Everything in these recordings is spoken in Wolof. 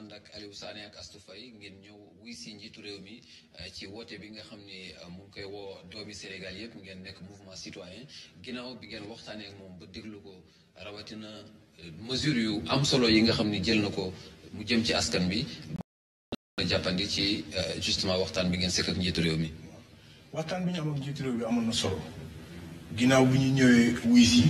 ànd ak Aliou Sané ak ngeen ñëw wuy si njiitu réew mi eh, ci woote bi nga xam ni eh, mu ngi koy woo Sénégal yëpp ngeen nekk mouvement citoyen ginnaaw bi ngeen waxtaanee moom ba déglu ko rawatina eh, mesure yu am solo yi nga xam ni jël na ko mu jëm ci askan bi jàppandi ci justement waxtaan bi ngeen sekk ak réew mi waxtaan bi ñu amoon na solo ginnaaw bi ñu ñëwee wuy si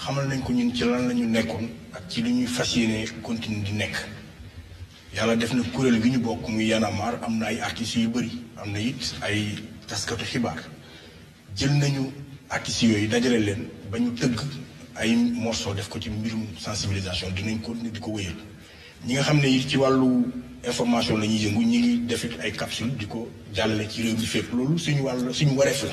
xamal nañ ko ñu ci lan la ñu nekkoon ak ci li ñuy fas yéene continue di nekk yàlla def na kuréel gi ñu bokk muy yanamar am na ay artistes yu bëri am na it ay taskatu xibaar jël nañu artistes yooyu dajale leen ba ñu tëgg ay morso def ko ci mbirum sensibilisation dinañ ko di ko wéyal ñi nga xam ne it ci wàllu information la ñuy yëngu ñi ngi def ay capsule di ko jàllale ci réew mi fépp loolu suñu wàll suñu wareef la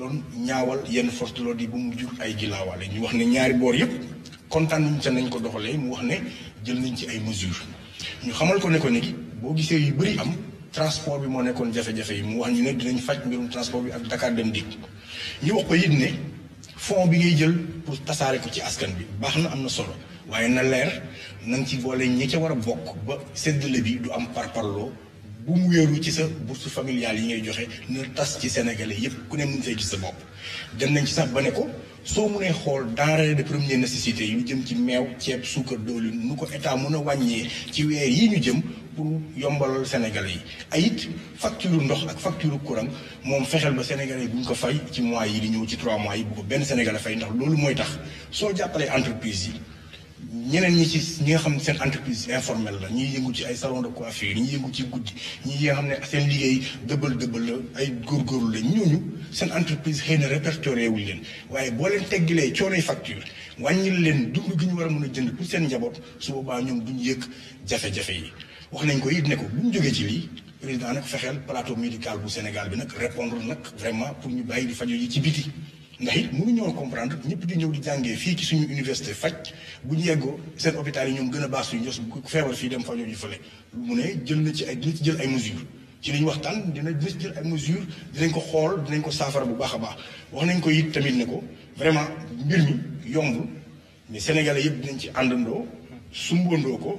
doon ñaawal yenn force de yi ba mu jur ay gilaawaale ñu wax ne ñaari boor yëpp kontaan nañ ca nañ ko doxalee mu wax ne jël nañ ci ay mesures ñu xamal ko ne ko ni boo gisee yu bëri am transport bi moo nekkoon jafe-jafe yi mu wax ñu ne dinañ faj mbirum transport bi ak Dakar Dem Dikk ñu wax ko it ne fond bi ngay jël pour tasaare ko ci askan bi baax na am na solo waaye na leer na nga ci boole ñi ca war a bokk ba séddale bi du am parparloo bu mu wéeru ci sa bourse familiale yi ngay joxe na tas ci Sénégalais yëpp ku ne mën see ci sa bopp dem nañ ci sax ba ne ko soo munee xool denrées de première nécessité yu jëm ci meew ceeb suukar doolin nu ko état mën a wàññee ci weer yi ñu jëm pour yombalal Sénégalais yi ay it facture ndox ak facture courant moom fexeel ba Sénégalais yi bu ñu ko fay ci mois yi di ñëw ci trois mois yi bu ko benn Sénégalais fay ndax loolu mooy tax soo jàppalee entreprise yi ñeneen ñi ci ñi nga xam ne seen entreprise informelle la ñuy yëngu ci ay salon de coiffure ñuy yëngu ci guddi ñi nga xam ne seen liggéey dëbbal dëbbal la ay góor la ñooñu seen entreprise xëy na répertorié wul leen waaye boo leen teggilee coonoy facture wàññil leen dund gi ñu war a mën a jënd pour seen njaboot su boobaa ñoom duñ yëg jafe-jafe yi wax nañ ko it ne ko buñ jógee ci lii président nag fexeel plateau médical bu Sénégal bi nag répondre nag vraiment pour ñu bàyyi di fajo yi ci biti ndax it ñoo comprendre ñëpp di ñëw di jàngee fii ci suñu université faj bu ñu yeggoo hôpital yi ñoom baax suñu feebar fii dem fajoo ji fële mu ne jël na ci ay ci jël ay mesures ci dina jël ay mesures dinañ ko dinañ ko bu baax wax nañ ko tamit vraiment mbir mi mais sénégalais dinañ ci ko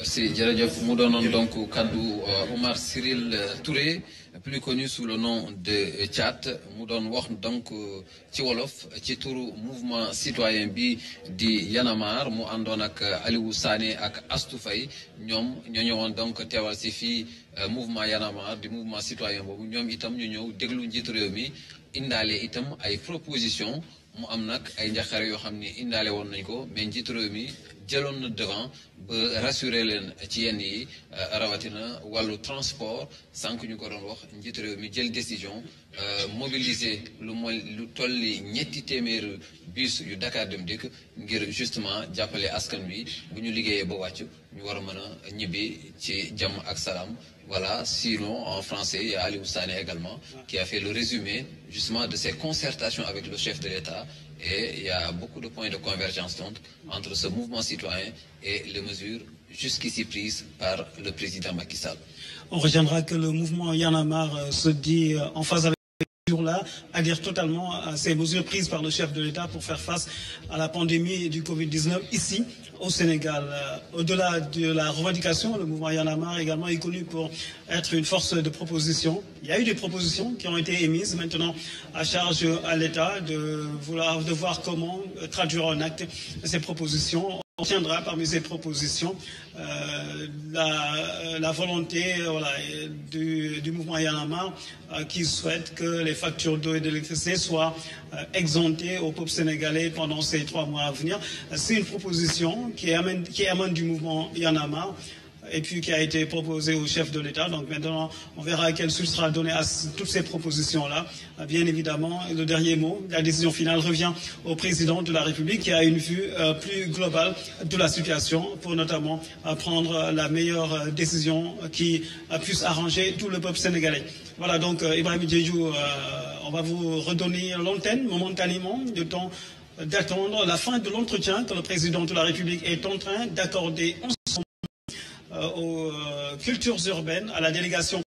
Merci. Djeradjef Moudonon, donc, Kadou euh, Omar Cyril euh, Touré, plus connu sous le nom de Tchad. Moudon Wahn, donc, Tchiwolof, euh, Tchitourou, mouvement citoyen bi di Yanamar, Mou Andonak, Aliou Sane, Ak Astoufaï, Nyom, Nyom, donc, Tiawal Sifi, mouvement Yanamar, du mouvement citoyen, Nyom, Itam, Nyom, Deglou, Djitouréoumi, Indale, Itam, ay proposition, Mou Amnak, ay Ndiakhare, Yohamni, Indale, Wonniko, mais Djitouréoumi, Jalon na devant ba rassurer len ci yenn yi euh, rawatina walu transport sank ñu ko doon wax njiitu rew mi jël décision euh, mobiliser lu mooy lu tolli ñetti téeméeru bus yu Dakar dem dik ngir justement jàppale askan bi bu ñu liggéeyee ba waccu ñu wara mëna ñibi ci jàmm ak salam Voilà, sinon en français, il y a Aliou également, qui a fait le résumé justement de ces concertations avec le chef de l'État et il y a beaucoup de points de convergence entre ce mouvement citoyen et les mesures jusqu'ici prises par le président Macky Sall. On reviendra que le mouvement Yanamar euh, se dit euh, en phase là là dire totalement à ces mesures prises par le chef de l'État pour faire face à la pandémie du Covid-19 ici au Sénégal. Euh, au-delà de la revendication, le mouvement Yanamar également est connu pour être une force de proposition. Il y a eu des propositions qui ont été émises maintenant à charge à l'État de de voir comment traduire en acte ces propositions tiendra parmi ces propositions euh, euh, la, volonté du, mouvement Yanama euh, qui souhaite que les factures d'eau et d'électricité soient exemptées au peuple sénégalais pendant ces trois mois à venir. C'est une proposition qui amène, qui amène du mouvement Yanama et puis qui a été proposé au chef de l'État. Donc maintenant, on verra quel suite sera donné à toutes ces propositions-là. Euh, bien évidemment, le dernier mot, la décision finale revient au président de la République qui a une vue euh, plus globale de la situation pour notamment euh, prendre la meilleure décision qui puisse arranger tout le peuple sénégalais. Voilà donc Ibrahim Djeju, on va vous redonner l'antenne momentanément de temps d'attendre la fin de l'entretien que le président de la République est en train d'accorder. Euh, aux euh, cultures urbaines, à la délégation.